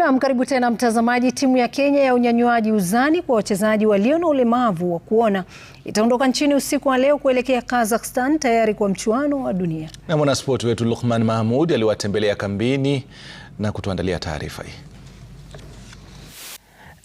Naam, karibu tena mtazamaji. Timu ya Kenya ya unyanyuaji uzani kwa wachezaji walio na ulemavu wa kuona itaondoka nchini usiku wa leo kuelekea Kazakhstan tayari kwa mchuano wa dunia. Na mwanaspoti wetu Luqman Mahmud aliwatembelea kambini na kutuandalia taarifa hii.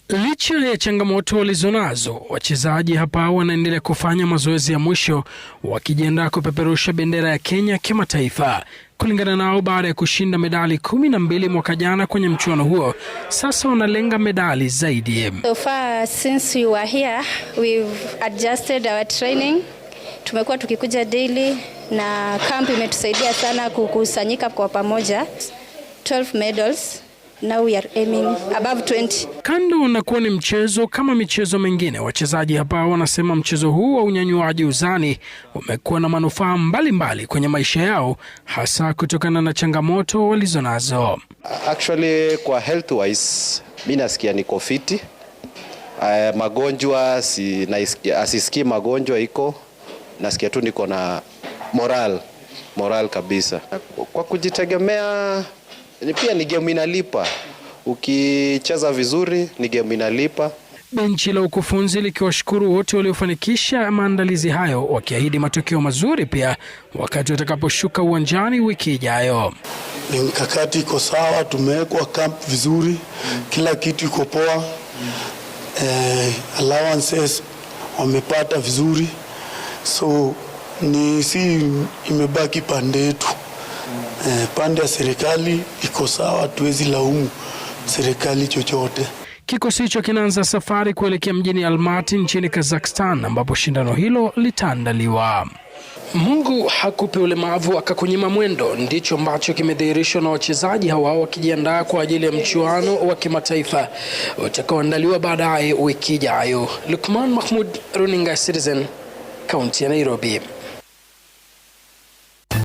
Licha ya changamoto walizonazo, wachezaji hapa wanaendelea kufanya mazoezi ya mwisho wakijiandaa kupeperusha bendera ya Kenya kimataifa. Kulingana nao, baada ya kushinda medali kumi na mbili mwaka jana kwenye mchuano huo, sasa wanalenga medali zaidi. So far since you are here, we've adjusted our training. Tumekuwa tukikuja daily na kambi imetusaidia sana kukusanyika kwa pamoja 12 medals Now we are aiming above 20. Kando na kuwa ni mchezo kama michezo mingine, wachezaji hapa wanasema mchezo huu wa unyanyuaji uzani umekuwa na manufaa mbalimbali kwenye maisha yao, hasa kutokana na changamoto walizonazo. Actually, kwa health wise mimi nasikia niko fiti. Uh, eh, magonjwa si, asisikii magonjwa iko, nasikia tu niko na moral moral kabisa kwa kujitegemea. Pia ni game inalipa, ukicheza vizuri ni game inalipa. Benchi la ukufunzi likiwashukuru wote waliofanikisha maandalizi hayo, wakiahidi matokeo mazuri pia wakati watakaposhuka uwanjani wiki ijayo. Ni mkakati iko sawa, tumewekwa camp vizuri, kila kitu iko poa. Eh, allowances wamepata vizuri, so ni si imebaki pande yetu eh, pande ya serikali iko sawa, tuwezi laumu serikali chochote. Kikosi hicho kinaanza safari kuelekea mjini Almaty nchini Kazakhstan ambapo shindano hilo litaandaliwa. Mungu hakupe ulemavu akakunyima mwendo, ndicho ambacho kimedhihirishwa na wachezaji hawa wakijiandaa kwa ajili ya mchuano wa kimataifa utakaoandaliwa baadaye wiki ijayo. Lukman Mahmud, runinga Citizen, kaunti ya Nairobi.